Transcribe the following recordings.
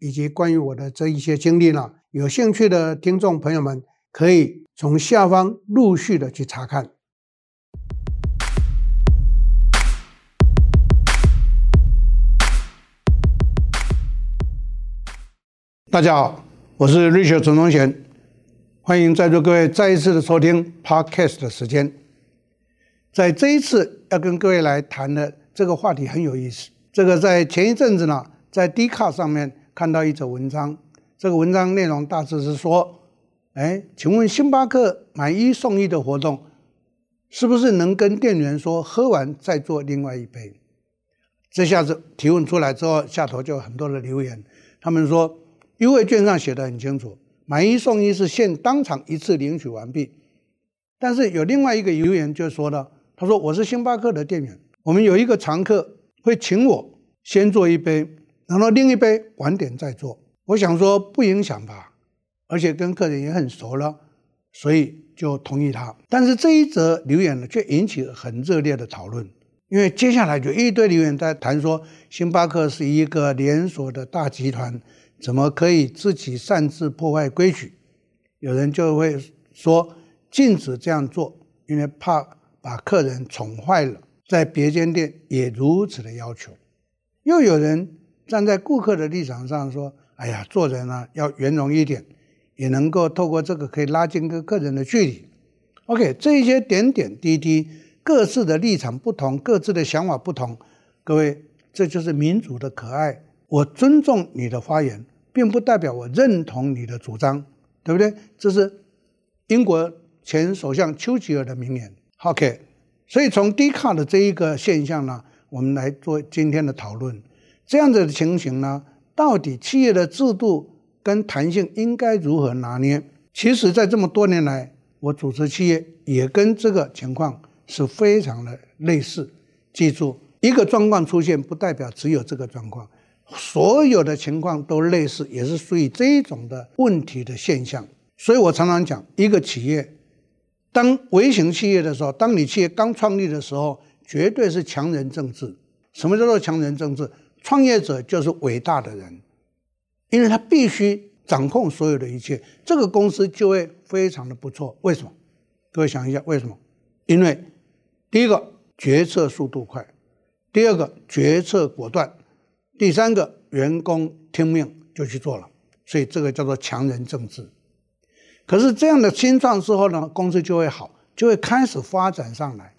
以及關於我的這一些經歷呢，有興趣的聽眾朋友們可以從下方陸續的去查看。大家好，我是 Richard 陳宗賢，歡迎在座各位再一次的收聽 Podcast 的時間。在這一次要跟各位來談的這個話題很有意思，這個在前一陣子呢，在 Dcard 上面。看到一則文章，這個文章內容大致是說，哎，請問星巴克買一送一的活動，是不是能跟店員說喝完再做另外一杯？這下子提問出來之後，下頭就有很多的留言。他們說優惠券上寫的很清楚，買一送一是限當場一次領取完畢。但是有另外一個留言就說了，他說我是星巴克的店員，我們有一個常客會請我先做一杯。然後另一杯晚點再做，我想說不影響吧，而且跟客人也很熟了，所以就同意他。但是這一則留言呢，卻引起了很熱烈的討論，因為接下來就一堆留言在談說，星巴克是一個連鎖的大集團，怎麼可以自己擅自破壞規矩？有人就會說禁止這樣做，因為怕把客人寵壞了，在別間店也如此的要求。又有人站在顧客的立場上說：“哎呀，做人啊要圓融一點，也能夠透過這個可以拉近跟客人的距離。” OK，這一些點點滴滴，各自的立場不同，各自的想法不同，各位，這就是民主的可愛。我尊重你的發言，並不代表我認同你的主張，對不對？這是英國前首相丘吉爾的名言。OK，所以從 Dcard 的這一個現象呢，我們來做今天的討論。這樣子的情形呢？到底企業的制度跟彈性應該如何拿捏？其實，在這麼多年來，我主持企業也跟這個情況是非常的類似。記住，一個狀況出現不代表只有這個狀況，所有的情況都類似，也是屬於這種的問題的現象。所以我常常講，一個企業當微型企業的時候，當你企業剛創立的時候，絕對是強人政治。什麼叫做強人政治？創業者就是偉大的人，因為他必須掌控所有的一切，這個公司就會非常的不錯。為什麼？各位想一下，為什麼？因為第一個決策速度快，第二個決策果斷，第三個員工聽命就去做了，所以這個叫做強人政治。可是這樣的新創之後呢，公司就會好，就會開始發展上來，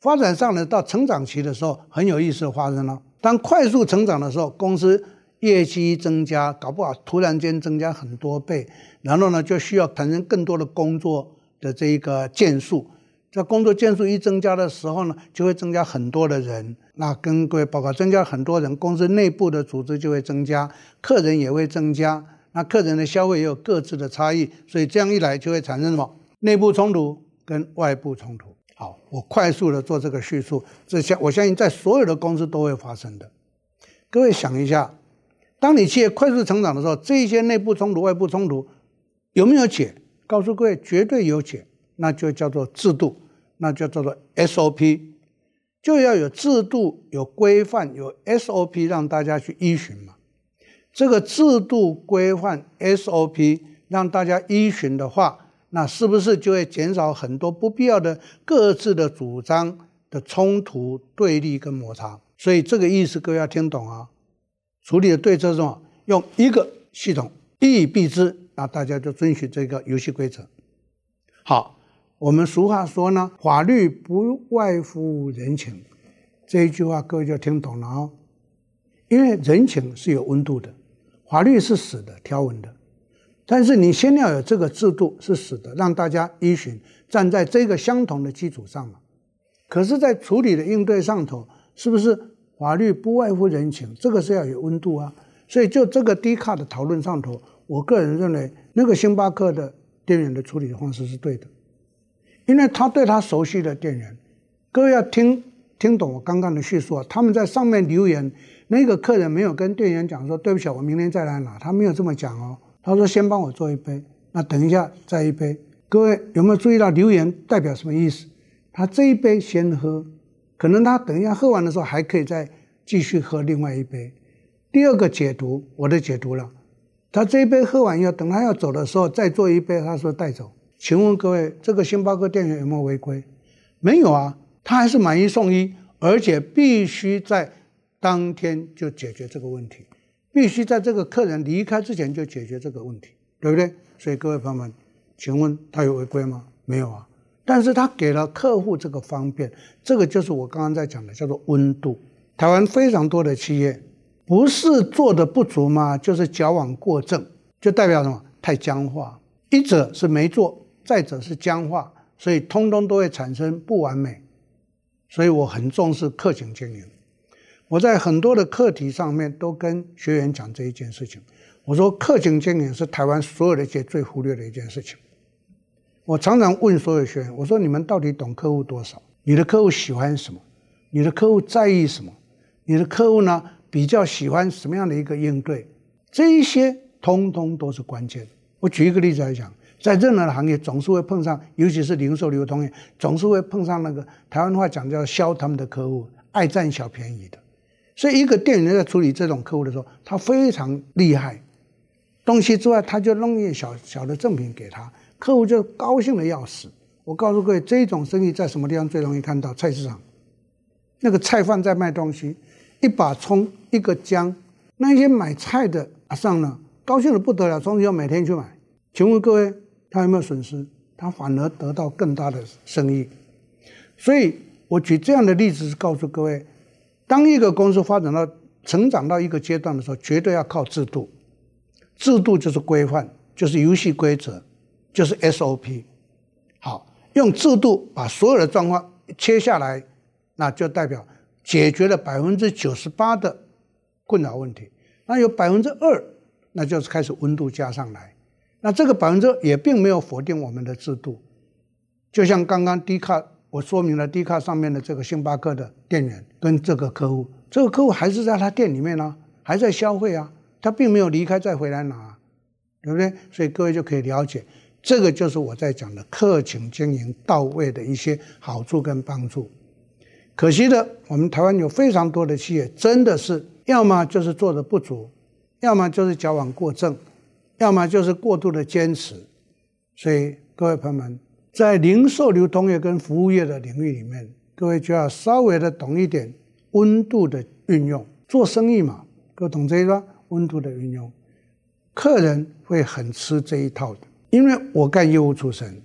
發展上來到成長期的時候，很有意思的發生了。當快速成長的時候，公司業績一增加，搞不好突然間增加很多倍，然後呢就需要產生更多的工作的這一個件數，在工作件數一增加的時候呢，就會增加很多的人。那跟各位報告，增加很多人，公司內部的組織就會增加，客人也會增加，那客人的消費也有各自的差異，所以這樣一來就會產生什麼？內部衝突跟外部衝突。好，我快速的做這個敘述，這相我相信在所有的公司都會發生的。各位想一下，當你企業快速成長的時候，這一些內部衝突、外部衝突有沒有解？告訴各位，絕對有解，那就叫做制度，那就叫做 SOP，就要有制度、有規範、有 SOP 讓大家去依循嘛。這個制度規範 SOP 讓大家依循的話。那是不是就會減少很多不必要的各自的主張的衝突、對立跟摩擦？所以這個意思各位要聽懂啊。處理的對策中用一個系統一以蔽之，那大家就遵循這個遊戲規則。好，我們俗話說呢，法律不外乎人情，這一句話各位就聽懂了哦。因為人情是有溫度的，法律是死的條文的。但是你先要有這個制度是死的，讓大家依循，站在這個相同的基礎上嘛。可是，在處理的應對上頭，是不是法律不外乎人情？這個是要有溫度啊。所以，就這個 Dcard 的討論上頭，我個人認為，那個星巴克的店員的處理的方式是對的，因為他對他熟悉的店員，各位要聽聽懂我剛剛的敘述啊。他們在上面留言，那個客人沒有跟店員講說：“對不起，我明天再來拿。”他沒有這麼講哦。他說：“先幫我做一杯，那等一下再一杯。”各位有沒有注意到留言代表什麼意思？他這一杯先喝，可能他等一下喝完的時候還可以再繼續喝另外一杯。第二個解讀，我的解讀了，他這一杯喝完以後，等他要走的時候再做一杯，他說帶走。請問各位，這個星巴克店員有沒有違規？沒有啊，他還是買一送一，而且必須在當天就解決這個問題。必須在這個客人離開之前就解決這個問題，對不對？所以各位朋友們，請問他有違規嗎？沒有啊，但是他給了客戶這個方便，這個就是我剛剛在講的，叫做溫度。台灣非常多的企業，不是做的不足嗎？就是矯枉過正，就代表什麼？太僵化。一者是沒做，再者是僵化，所以通通都會產生不完美。所以我很重視客情經營。我在很多的課題上面都跟學員講這一件事情。我說，客情經營是台灣所有的一些最忽略的一件事情。我常常問所有學員，我說你們到底懂客戶多少？你的客戶喜歡什麼？你的客戶在意什麼？你的客戶呢，比較喜歡什麼樣的一個應對？這一些通通都是關鍵。我舉一個例子來講，在任何的行業總是會碰上，尤其是零售流通業，總是會碰上那個台灣話講叫“削”他們的客戶，愛佔小便宜的。所以，一個店員在處理這種客戶的時候，他非常厲害。東西之外，他就弄一些小小的贈品給他，客戶就高興的要死。我告訴各位，這種生意在什麼地方最容易看到？菜市場，那個菜販在賣東西，一把蔥，一個薑，那些買菜的馬上呢，高興的不得了，終於要每天去買。請問各位，他有沒有損失？他反而得到更大的生意。所以我舉這樣的例子是告訴各位。當一個公司發展到成長到一個階段的時候，絕對要靠制度。制度就是規範，就是遊戲規則，就是 SOP。好，用制度把所有的狀況切下來，那就代表解決了百分之九十八的困擾問題。那有百分之二，那就是開始溫度加上來。那這個百分之二也並沒有否定我們的制度，就像剛剛迪卡，Car 我說明了 Dcard 上面的這個星巴克的店員跟這個客戶，這個客戶還是在他店裡面呢、啊，還在消費啊，他並沒有離開再回來拿，對不對？所以各位就可以了解，這個就是我在講的客情經營到位的一些好處跟幫助。可惜的，我們台灣有非常多的企業，真的是要麼就是做得不足，要麼就是矯枉過正，要麼就是過度的堅持，所以各位朋友們。在零售流通業跟服務業的領域裡面，各位就要稍微的懂一點溫度的運用。做生意嘛，各位懂這一段溫度的運用，客人會很吃這一套的。因為我幹業務出身，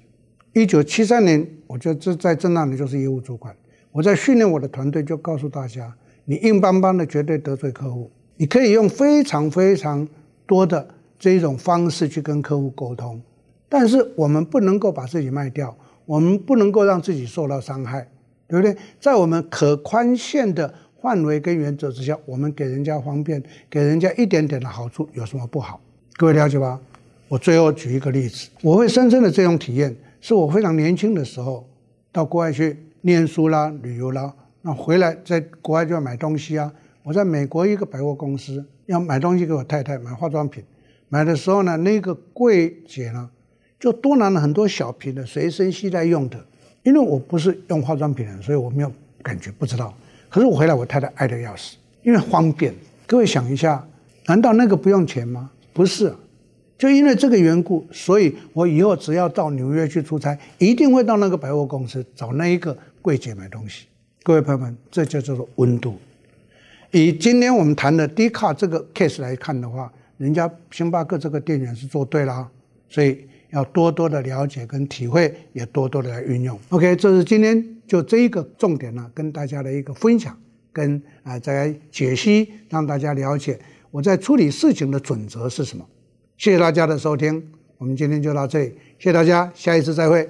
一九七三年，我就在在那裡就是業務主管。我在訓練我的團隊，就告訴大家：你硬邦邦的絕對得罪客戶，你可以用非常非常多的這一種方式去跟客戶溝通。但是我們不能夠把自己賣掉，我們不能夠讓自己受到傷害，對不對？在我們可寬限的範圍跟原則之下，我們給人家方便，給人家一點點的好處有什麼不好？各位了解吧？我最後舉一個例子，我會深深的這種體驗，是我非常年輕的時候，到國外去念書啦、旅遊啦，那回來在國外就要買東西啊。我在美國一個百貨公司要買東西給我太太買化妝品，買的時候呢，那個櫃姐呢，就多拿了很多小瓶的隨身攜帶用的，因為我不是用化妝品的，所以我沒有感覺不知道。可是我回來，我太太愛得要死，因為方便。各位想一下，難道那個不用錢嗎？不是啊，就因為這個緣故，所以我以後只要到紐約去出差，一定會到那個百貨公司找那一個櫃姐買東西。各位朋友們，這就叫做溫度。以今天我們談的迪卡這個 case 來看的話，人家星巴克這個店員是做對了，所以。要多多的了解跟體會，也多多的來運用。OK，這是今天就這一個重點呢、啊，跟大家的一個分享，跟啊、呃、再來解析，讓大家了解我在處理事情的準則是什麼。謝謝大家的收聽，我們今天就到這裡，謝謝大家，下一次再會。